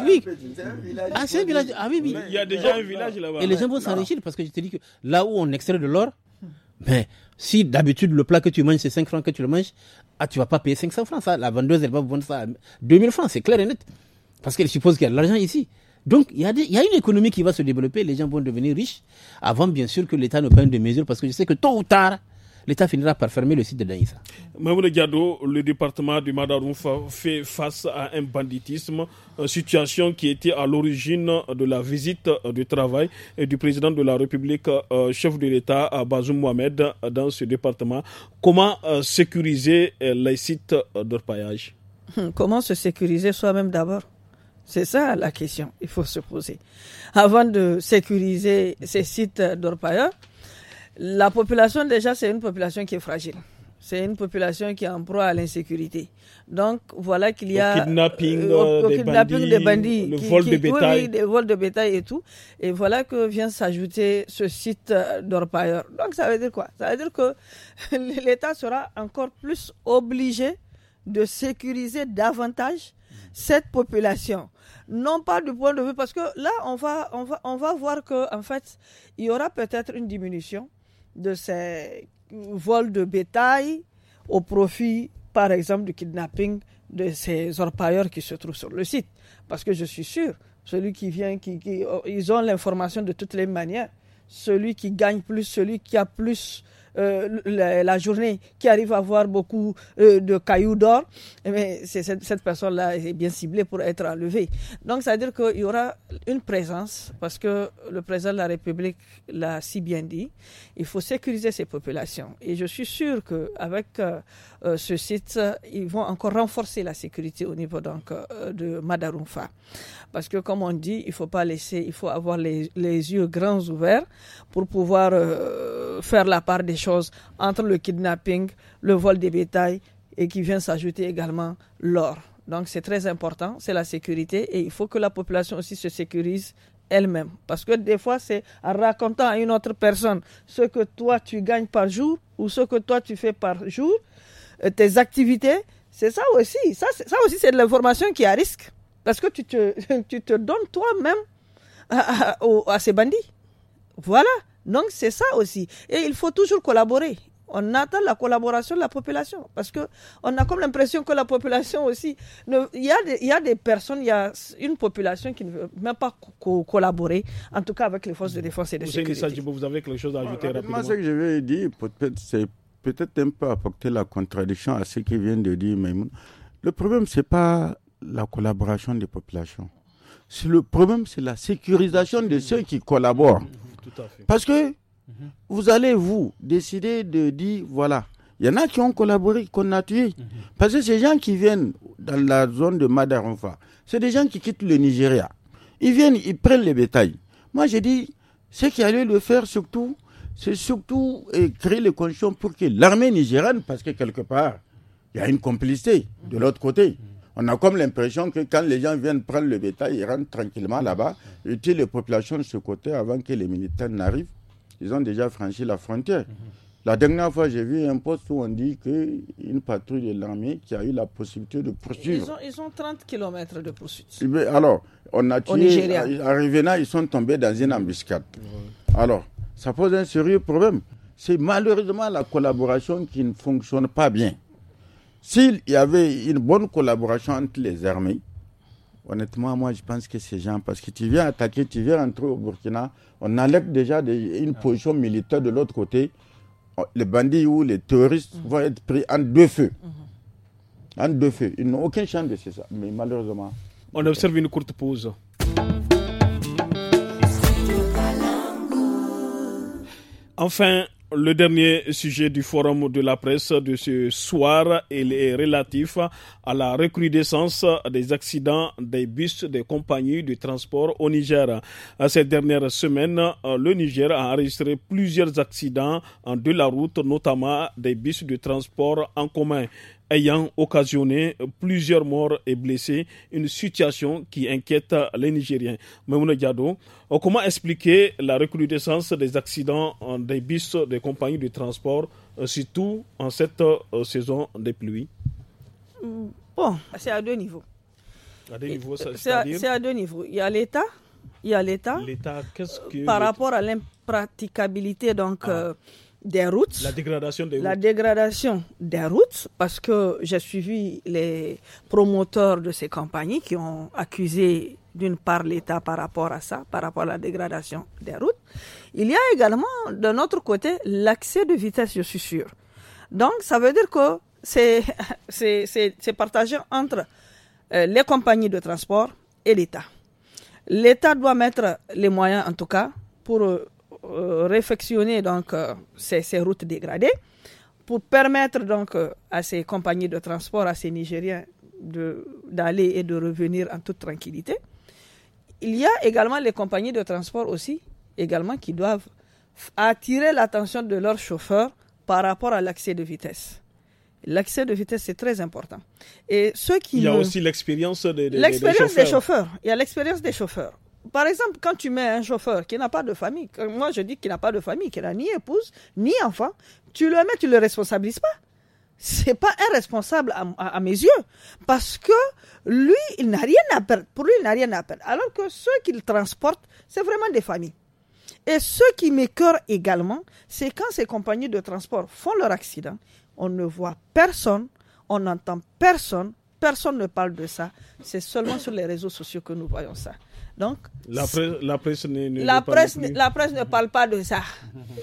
Speaker 3: Ah, c'est un village. Ah oui, oui. Il y a déjà un village là-bas. Et les gens vont s'enrichir parce que je te dis que là où on extrait de l'or, mais ben, si d'habitude le plat que tu manges c'est 5 francs que tu le manges, ah, tu vas pas payer 500 francs. La vendeuse, elle va vous vendre ça à 2000 francs, c'est clair et net. Parce qu'elle suppose qu'il y a de l'argent ici. Donc, il y, a une économie qui va se développer, les gens vont devenir riches, avant bien sûr que l'État ne prenne des mesures, parce que je sais que tôt ou tard, l'État finira par fermer le site de Daïsa.
Speaker 1: Mme Gado, le département du Madarouf fait face à un banditisme, situation qui était à l'origine de la visite du travail du président de la République, euh, chef de l'État, euh, Bazoum Mohamed, dans ce département. Comment euh, sécuriser les sites
Speaker 2: d'orpaillage Comment se sécuriser soi-même d'abord c'est ça la question, il faut se poser. Avant de sécuriser ces sites d'orpailleurs, la population déjà, c'est une population qui est fragile. C'est une population qui est en proie à l'insécurité. Donc voilà qu'il y a... Le euh, euh, kidnapping, des, bandits, Le vol de bétail. Le vol de bétail et tout. Et voilà que vient s'ajouter ce site euh, d'orpailleurs. Donc ça veut dire quoi Ça veut dire que [LAUGHS] l'État sera encore plus obligé de sécuriser davantage cette population non pas du point de vue, parce que là, on va, on va, on va voir qu'en en fait, il y aura peut-être une diminution de ces vols de bétail au profit, par exemple, du kidnapping de ces orpailleurs qui se trouvent sur le site. Parce que je suis sûr, celui qui vient, qui, qui oh, ils ont l'information de toutes les manières. Celui qui gagne plus, celui qui a plus euh, la, journée, qui arrive à avoir beaucoup euh, de cailloux d'or, mais eh cette, cette personne-là est bien ciblée pour être enlevée. Donc, c'est-à-dire qu'il y aura une présence, parce que le président de la République l'a si bien dit, il faut sécuriser ces populations. Et je suis sûr qu'avec avec euh, ce site, ils vont encore renforcer la sécurité au niveau donc, de Madarumfa. Parce que, comme on dit, il ne faut pas laisser, il faut avoir les, les, yeux grands ouverts pour pouvoir faire la part des choses entre le kidnapping, le vol des bétails et qui vient s'ajouter également l'or. Donc c'est très important, c'est la sécurité et il faut que la population aussi se sécurise elle-même. Parce que des fois, c'est en racontant à une autre personne ce que toi tu gagnes par jour ou ce que toi tu fais par jour, euh, tes activités, c'est ça aussi. Ça, ça aussi, c'est de l'information qui est à risque. Parce que tu te, [LAUGHS] tu te donnes toi-même à ces bandits. Voilà. Donc c'est ça aussi. Et il faut toujours collaborer. On attend la collaboration de la population parce que on a comme l'impression que la population aussi, il y, a des, personnes, il y a une population qui ne veut même pas collaborer, en tout cas avec les forces de défense et de sécurité. vous avez quelque chose à ajouter rapidement Moi, ce que
Speaker 4: je vais dire, c'est peut-être un peu apporter la contradiction à ce qui vient de dire Le problème, c'est pas la collaboration des populations le problème, c'est la sécurisation de ceux qui collaborent. Mhm. Mhm. Parce que mhm. vous allez, vous, décider de dire, voilà, il y en a qui ont collaboré, qu'on a tué. Parce que ces gens qui viennent dans la zone de Madaranfa, c'est des gens qui quittent le Nigeria. Ils viennent, ils prennent les bétails. Moi, j'ai dit, ce qui allait le faire surtout, c'est surtout euh, créer les conditions pour que l'armée nigériane, parce que quelque part, il y a une complicité de l'autre côté. On a comme l'impression que quand les gens viennent prendre le bétail, ils rentrent tranquillement là-bas, ils tuent les populations de ce côté avant que les militaires n'arrivent. Ils ont déjà franchi la frontière. La dernière fois, j'ai vu un poste où on dit qu'une patrouille de l'armée qui a eu la possibilité de poursuivre.
Speaker 2: Ils ont, 30 km de poursuite.
Speaker 4: Eh alors, on a tué. En euh, là, ils sont tombés dans une embuscade. Alors, ça pose un sérieux problème. C'est malheureusement la collaboration qui ne fonctionne pas bien. S'il y avait une bonne collaboration entre les armées, honnêtement, moi, je pense que ces gens, parce que tu viens attaquer, tu viens entrer au Burkina, on enlève déjà une ah. position militaire de l'autre côté. Les bandits ou les terroristes mm. vont être pris en deux feux. Mm-hmm. En deux feux. Ils n'ont aucun chance de ça. Mais malheureusement. On observe une courte pause. Enfin,
Speaker 1: le dernier sujet du forum de la presse de ce soir est relatif à la recrudescence des accidents des bus des compagnies de transport au Niger. Ces dernières semaines, le Niger a enregistré plusieurs accidents de la route, notamment des bus de transport en commun ayant occasionné plusieurs morts et blessés, une situation qui inquiète les Nigériens. Mme Diado, euh, comment expliquer la recrudescence des accidents des bus des compagnies de transport, euh, surtout en cette euh, saison des pluies
Speaker 2: mm, Bon, c'est à deux niveaux. À deux niveaux, c'est à, deux niveaux. Il y a l'État, il y a l'État. par rapport à l'impraticabilité donc. Ah des routes. La dégradation des routes. La dégradation des routes, parce que j'ai suivi les promoteurs de ces compagnies qui ont accusé d'une part l'État par rapport à ça, par rapport à la dégradation des routes. Il y a également, d'un autre côté, l'accès de vitesse, je suis sûr. Donc, ça veut dire que c'est, [LAUGHS] c'est, partagé entre euh, les compagnies de transport et l'État. L'État doit mettre les moyens, en tout cas, pour euh, euh, réfectionner donc, euh, ces, routes dégradées pour permettre donc euh, à ces compagnies de transport, à ces Nigériens d'aller et de revenir en toute tranquillité. Il y a également les compagnies de transport aussi, également qui doivent attirer l'attention de leurs chauffeurs par rapport à l'accès de vitesse. L'accès de vitesse, c'est très important. Et ceux qui il y a aussi
Speaker 1: l'expérience des L'expérience des
Speaker 2: chauffeurs. Il y a l'expérience des chauffeurs par exemple, quand tu mets un chauffeur qui n'a pas de famille, moi je dis qu'il n'a pas de famille, qu'il n'a ni épouse, ni enfant, tu le mets, tu le responsabilises pas. C'est pas irresponsable à, mes yeux. Parce que lui, il n'a rien à perdre. Pour lui, il n'a rien à perdre. Alors que ceux qu'il transporte, c'est vraiment des familles. Et ce qui m'écœure également, c'est quand ces compagnies de transport font leur accident, on ne voit personne, on n'entend personne, personne ne parle de ça. C'est seulement sur les réseaux sociaux que nous voyons ça. Donc,
Speaker 1: la presse, la ne, la, presse la
Speaker 2: presse ne parle pas de ça.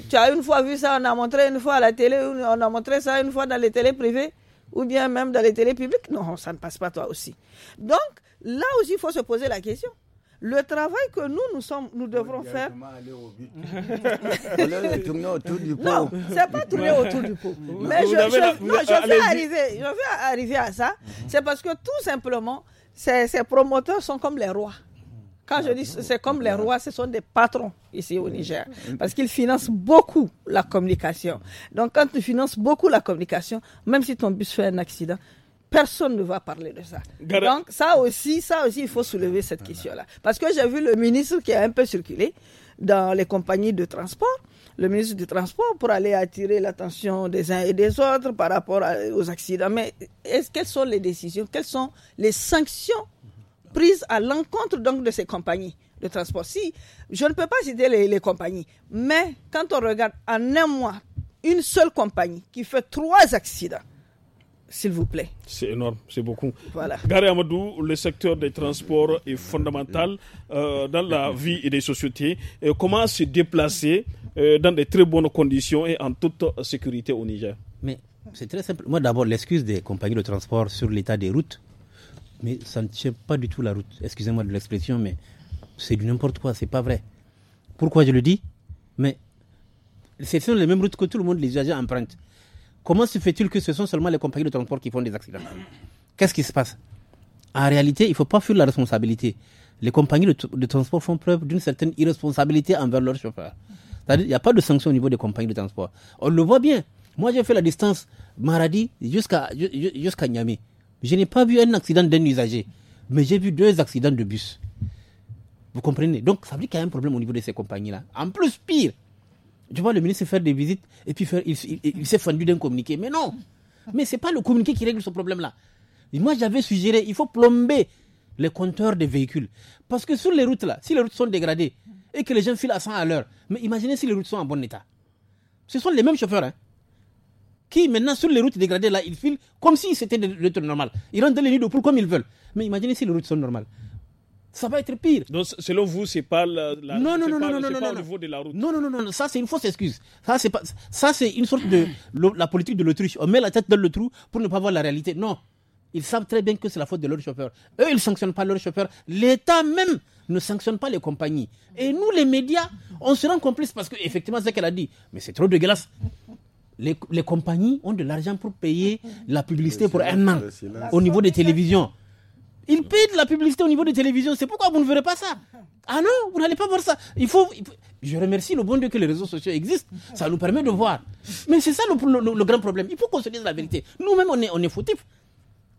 Speaker 2: tu as une fois vu ça, on a montré une fois à la télé, on a montré ça une fois dans les télés privées ou bien même dans les télés publiques. Non, ça ne passe pas toi aussi. Donc, là aussi, il faut se poser la question le travail que nous, nous, sommes, nous devrons faire. Non, c'est pas tourner autour du pot. Mais je, je, arriver, à ça. C'est parce que tout simplement, ces promoteurs sont comme les rois. Quand je ah, dis c'est comme les rois, ce sont des patrons ici au Niger, parce qu'ils financent beaucoup la communication. Donc quand tu finances beaucoup la communication, même si ton bus fait un accident, personne ne va parler de ça. Donc ça aussi, ça aussi, il faut soulever cette question-là. Parce que j'ai vu le ministre qui a un peu circulé dans les compagnies de transport, le ministre du Transport, pour aller attirer l'attention des uns et des autres par rapport aux accidents. Mais quelles sont les décisions Quelles sont les sanctions prise à l'encontre donc de ces compagnies de transport. Si je ne peux pas citer les, compagnies, mais quand on regarde en un mois une seule compagnie qui fait trois accidents, s'il vous plaît.
Speaker 1: C'est énorme, c'est beaucoup. Voilà. Amadou, le secteur des transports est fondamental euh, dans la vie et des sociétés. Et comment se déplacer euh, dans de très bonnes conditions et en toute sécurité au Niger
Speaker 3: Mais c'est très simple. Moi, d'abord, l'excuse des compagnies de transport sur l'état des routes, mais ça ne tient pas du tout la route. Excusez-moi de l'expression, mais c'est du n'importe quoi, c'est pas vrai. Pourquoi je le dis Mais ce sont les mêmes routes que tout le monde, les usagers empruntent. Comment se fait-il que ce sont seulement les compagnies de transport qui font des accidents Qu'est-ce qui se passe En réalité, il ne faut pas fuir la responsabilité. Les compagnies de, transport font preuve d'une certaine irresponsabilité envers leurs chauffeurs. Il à n'y a pas de sanction au niveau des compagnies de transport. On le voit bien. Moi, j'ai fait la distance Maradi jusqu'à jusqu'à Niamey. Je n'ai pas vu un accident d'un usager, mais j'ai vu deux accidents de bus. Vous comprenez Donc, ça veut dire qu'il y a un problème au niveau de ces compagnies-là. En plus, pire, tu vois le ministre faire des visites et puis faire, il, il s'est fendu d'un communiqué. Mais non Mais ce n'est pas le communiqué qui règle ce problème-là. Moi, j'avais suggéré, il faut plomber les compteurs des véhicules. Parce que sur les routes, là, si les routes sont dégradées et que les gens filent à 100 à l'heure, mais imaginez si les routes sont en bon état. Ce sont les mêmes chauffeurs. Hein qui maintenant sur les routes dégradées, là, ils filent comme si c'était des routes normales. Ils rentrent dans les nids de poules comme ils veulent. Mais imaginez si les routes sont normales. Ça va être pire. Donc, selon vous, c'est pas la, non, non, non, non, non, de la route. Non, non, non, non, ça c'est une fausse excuse. Ça c'est pas, ça c'est une sorte de la politique de l'autruche. On met la tête dans le trou pour ne pas voir la réalité. Non, ils savent très bien que c'est la faute de l'autre chauffeur. Eux, ils ne sanctionnent pas leur chauffeur. L'État même ne sanctionne pas les compagnies. Et nous, les médias, on se rend complice parce que, effectivement, c'est ce qu'elle a dit. Mais c'est trop dégueulasse les, compagnies ont de l'argent pour payer la publicité pour un an au niveau des télévisions. Ils payent de la publicité au niveau des télévision. C'est pourquoi vous ne verrez pas ça. Ah non, vous n'allez pas voir ça. Il faut, Je remercie le bon Dieu que les réseaux sociaux existent. Ça nous permet de voir. Mais c'est ça le, grand problème. Il faut qu'on se dise la vérité. Nous-mêmes, on est, on fautifs.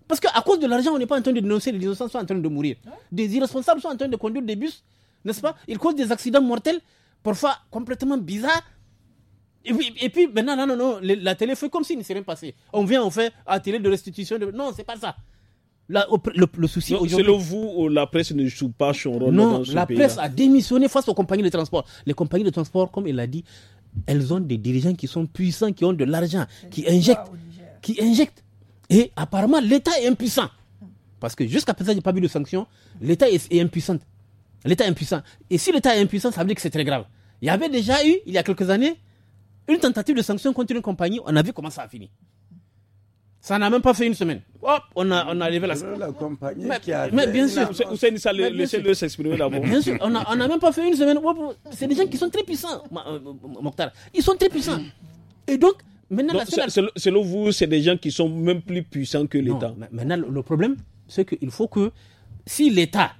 Speaker 3: Parce qu'à cause de l'argent, on n'est pas en train de dénoncer. Les innocents sont en train de mourir. Des irresponsables sont en train de conduire des bus. N'est-ce pas Ils causent des accidents mortels, parfois complètement bizarres. Et puis, maintenant, non, non, non, la télé fait comme s'il ne s'est rien passé. On vient, en fait à ah, télé de restitution. De... Non, c'est pas ça. le, souci aujourd'hui. Selon vous,
Speaker 1: oh, la presse ne joue pas son rôle non, dans ce la presse a
Speaker 3: démissionné face aux compagnies de transport. Les compagnies de transport, comme il l'a dit, elles ont des dirigeants qui sont puissants, qui ont de l'argent, qui injectent, qui injectent. Et apparemment, l'État est impuissant. Parce que jusqu'à présent, il n'y a pas eu de sanctions. L'État est, est, impuissant. L'État est impuissant. Et si l'État est impuissant, ça veut dire que c'est très grave. Il y avait déjà eu, il y a quelques années, une tentative de sanction contre une compagnie, on a vu comment ça a fini. Ça n'a même pas fait une semaine. Hop, on a,
Speaker 4: on a la... compagnie mais, qui a mais bien sûr. Hussein laissez-le s'exprimer d'abord. Bien sûr, on
Speaker 3: n'a même pas fait une semaine. C'est des gens qui sont très puissants, euh, Mokhtar. Ils sont très puissants. Et donc, maintenant... Selon vous, c'est des gens qui sont même plus puissants que l'État. Maintenant, le problème, c'est qu'il faut que si l'État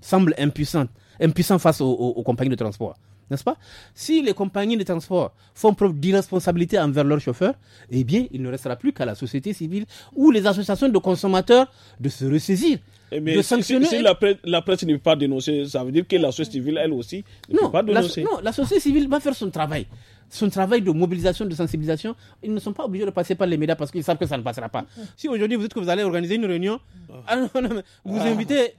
Speaker 3: semble impuissant, impuissant face aux compagnies de transport, n'est-ce pas Si les compagnies de transport font preuve d'irresponsabilité envers leurs chauffeurs, eh bien, il ne restera plus qu'à la société civile ou les associations de consommateurs de se ressaisir. Eh de sanctionner. Si, la, presse, ne peut pas dénoncer, ça veut dire que la société civile, elle aussi, ne pas dénoncer. non, la société civile va faire son travail son travail de mobilisation, de sensibilisation, ils ne sont pas obligés de passer par les médias parce qu'ils savent que ça ne passera pas. Mm-hmm. Si aujourd'hui vous dites que vous allez organiser une réunion, mm-hmm. ah vous ah. invitez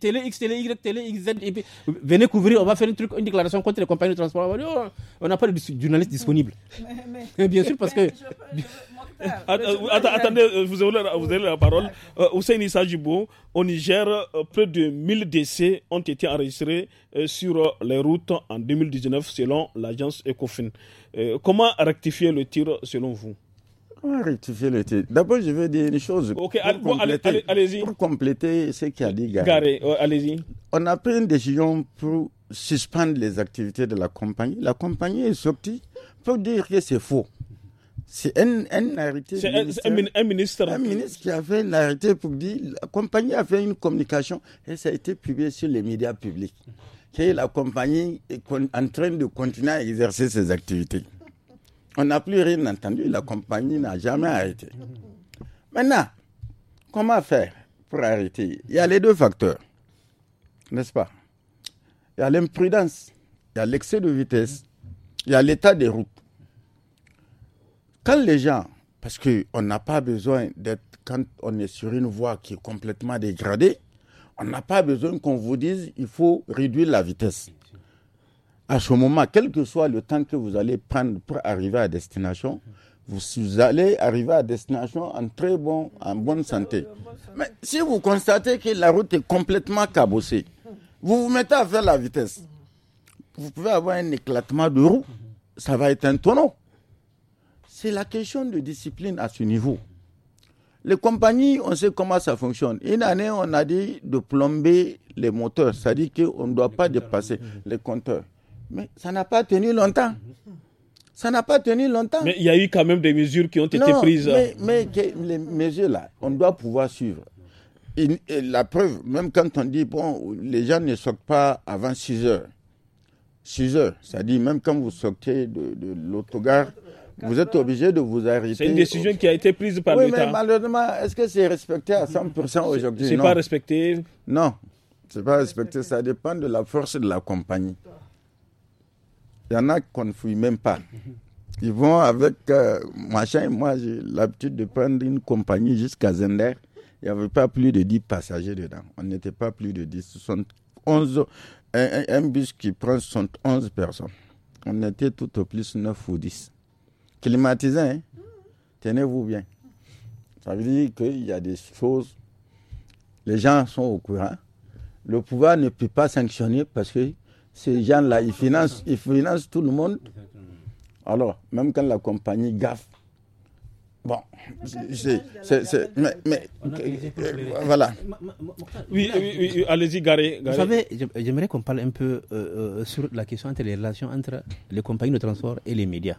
Speaker 3: Télé X, Télé Y, Télé XZ, et puis venez couvrir, on va faire un truc, une déclaration contre les compagnies de transport. On oh, n'a pas de journalistes disponibles.
Speaker 2: Bien sûr, parce que.
Speaker 3: Euh, attendez, euh, vous avez, la parole.
Speaker 1: Euh, Hussein Issa au Niger, près de 1000 décès ont été enregistrés sur les routes en 2019 selon l'agence ECOFIN. Comment rectifier le tir selon vous
Speaker 4: Comment rectifier le tir D'abord, je veux dire une chose. pour, compléter, ce qu'a dit Gary. allez-y. On a pris une décision pour suspendre les activités de la compagnie. La compagnie est sortie pour dire que c'est faux. C'est un, un, arrêté. C'est un, ministre. Un ministre qui a fait un arrêté pour dire la compagnie a fait une communication et ça a été publié sur les médias publics. la compagnie est en train de continuer à exercer ses activités. On n'a plus rien entendu, la compagnie n'a jamais arrêté. Maintenant, comment faire pour arrêter Il y a les deux facteurs, n'est-ce pas Il y a l'imprudence, il y a l'excès de vitesse, il y a l'état des routes. Quand les gens, parce qu'on n'a pas besoin d'être, quand on est sur une voie qui est complètement dégradée, on n'a pas besoin qu'on vous dise il faut réduire la vitesse. À ce moment, quel que soit le temps que vous allez prendre pour arriver à destination, vous, allez arriver à destination en très bon, en bonne santé. Mais si vous constatez que la route est complètement cabossée, vous vous mettez à faire la vitesse. Vous pouvez avoir un éclatement de roue, ça va être un tonneau c'est la question de discipline à ce niveau. Les compagnies, on sait comment ça fonctionne. Une année, on a dit de plomber les moteurs, Ça dit dire qu'on ne doit pas dépasser les compteurs. Mais ça n'a pas tenu longtemps. Ça n'a pas tenu longtemps. Mais il y a eu quand même des mesures qui ont été prises. Mais, mais les mesures-là, on doit pouvoir suivre. la preuve, même quand on dit, bon, les gens ne sortent pas avant 6 heures. 6 heures, ça dit, même quand vous sortez de, de l'autogare, vous êtes obligé de vous arrêter. C'est une décision
Speaker 1: qui a été prise par oui, l'État. mais
Speaker 4: malheureusement, est-ce que c'est respecté à 100% aujourd'hui C'est pas respecté. Non, c'est pas respecté. Ça dépend de la force de la compagnie. Il y en a qui ne fuient même pas. Ils vont avec machin euh, machin. Moi, j'ai l'habitude de prendre une compagnie jusqu'à Zender. Il n'y avait pas plus de 10 passagers dedans. On n'était pas plus de 10. un, bus qui prend 11 personnes. On était tout au plus 9 ou 10 climatisé. Hein. Tenez-vous bien. Ça veut dire qu'il y a des choses, les gens sont au courant. Le pouvoir ne peut pas sanctionner parce que ces gens-là, ils financent, ils financent tout le monde. Alors, même quand la compagnie gaffe, Bon, c'est. Mais. mais voilà.
Speaker 3: Oui, oui, allez-y, Garé.
Speaker 1: Vous savez,
Speaker 4: j'aimerais qu'on parle un peu
Speaker 3: euh, euh, sur la question entre les relations entre les compagnies de transport et les médias.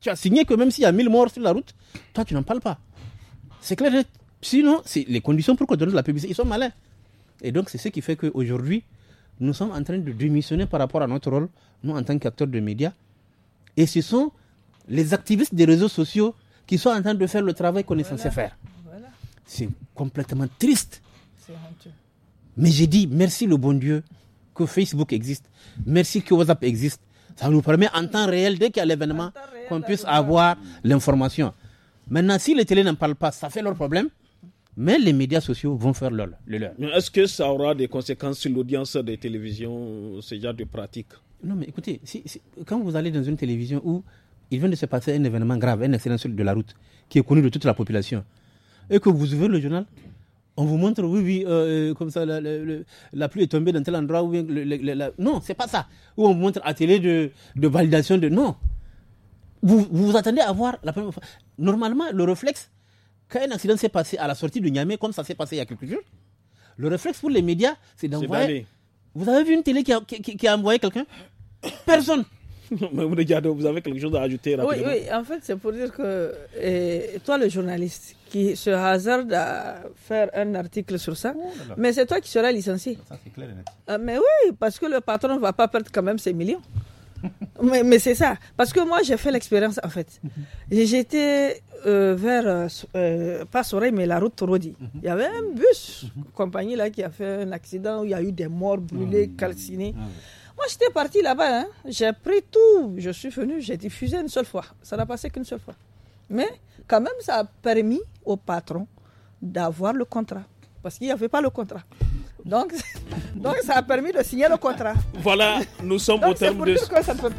Speaker 3: Tu as signé que même s'il y a 1000 morts sur la route, toi, tu n'en parles pas. C'est clair. Hein. Sinon, les conditions pour qu'on la publicité, ils sont malins. Et donc, c'est ce qui fait qu'aujourd'hui, nous sommes en train de démissionner par rapport à notre rôle, nous, en tant qu'acteurs de médias. Et ce sont les activistes des réseaux sociaux qui sont en train de faire le travail qu'on est censé faire. C'est complètement triste. C'est Mais j'ai dit, merci le bon Dieu que Facebook existe. Merci que WhatsApp existe. Ça nous permet en temps réel, dès qu'il y a l'événement, qu'on puisse avoir l'information. Maintenant, si les télés n'en parlent pas, ça fait leur problème. Mais les médias sociaux vont faire leur, le leur. est-ce
Speaker 1: que ça aura des conséquences sur l'audience des télévisions, ce genre de pratique
Speaker 3: Non, mais écoutez, quand vous allez dans une télévision où il vient de se passer un événement grave, un accident de la route, qui est connu de toute la population, et que vous ouvrez le journal, on vous montre, oui, oui, euh, euh, comme ça, la, pluie est tombée dans tel endroit. Où, ce le, Non, c'est pas ça. Où on vous montre à télé de, validation de. Non. Vous, vous, attendez à voir la première fois. Normalement, le réflexe, quand un accident s'est passé à la sortie de Niamey, comme ça s'est passé il y a quelques jours, le réflexe pour les médias, c'est d'envoyer. Vous avez vu une télé qui a, envoyé quelqu'un Personne [COUGHS] mais vous, avez quelque chose à ajouter
Speaker 1: rapidement. Oui, oui
Speaker 2: en fait, c'est pour dire que toi, le journaliste, qui se hasarde à faire un article sur ça. Oh mais c'est toi qui seras licencié. Ça, c'est clair euh, mais oui, parce que le patron ne va pas perdre quand même ses millions. [LAUGHS] mais, c'est ça. Parce que moi, j'ai fait l'expérience, en fait. Mhm. J'étais euh, vers, euh, pas Soreille, mais la route Rodi. Mhm. Il y avait un bus, mhm. compagnie là, qui a fait un accident où il y a eu des morts brûlés, ah calcinés. Ah moi, j'étais parti là-bas. Hein. J'ai pris tout. Je suis venu, j'ai diffusé une seule fois. Ça n'a passé qu'une seule fois. Mais quand même, ça a permis au patron d'avoir le contrat. Parce qu'il n'y avait pas le contrat. Donc, [LAUGHS] donc, ça a permis de signer le contrat.
Speaker 1: Voilà, nous sommes au terme de. Que
Speaker 2: ça ne peut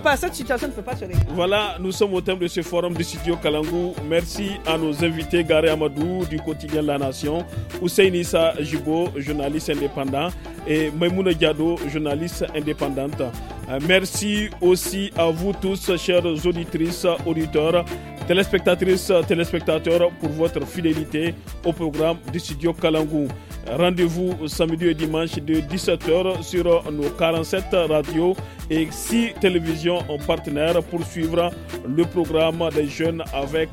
Speaker 2: pas, cette situation ne peut pas
Speaker 1: Voilà, nous sommes au terme de ce forum de studio Kalangu, Merci à nos invités Gary Amadou du quotidien La Nation, Hussein Issa Jibo, journaliste indépendant, et Maimouna Diado, journaliste indépendante. Euh, merci aussi à vous tous, chers auditrices, auditeurs, Téléspectatrices, téléspectateurs, pour votre fidélité au programme du studio Kalangou. Rendez-vous samedi et dimanche de 17h sur nos 47 radios et 6 télévisions en partenaire pour suivre le programme des jeunes avec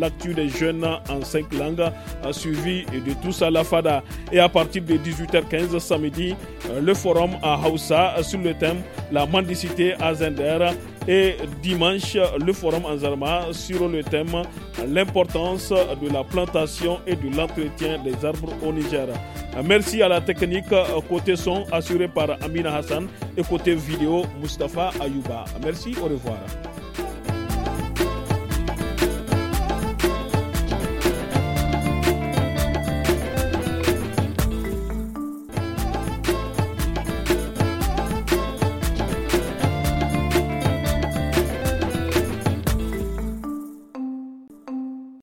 Speaker 1: l'actu des jeunes en 5 langues suivi de tous à la FADA. Et à partir de 18h15 samedi, le forum à Hausa sur le thème La mendicité à Zender et dimanche le forum Anzarma sur le thème l'importance de la plantation et de l'entretien des arbres au Niger. Merci à la technique côté son assuré par Amina Hassan et côté vidéo Mustafa Ayouba. Merci, au revoir.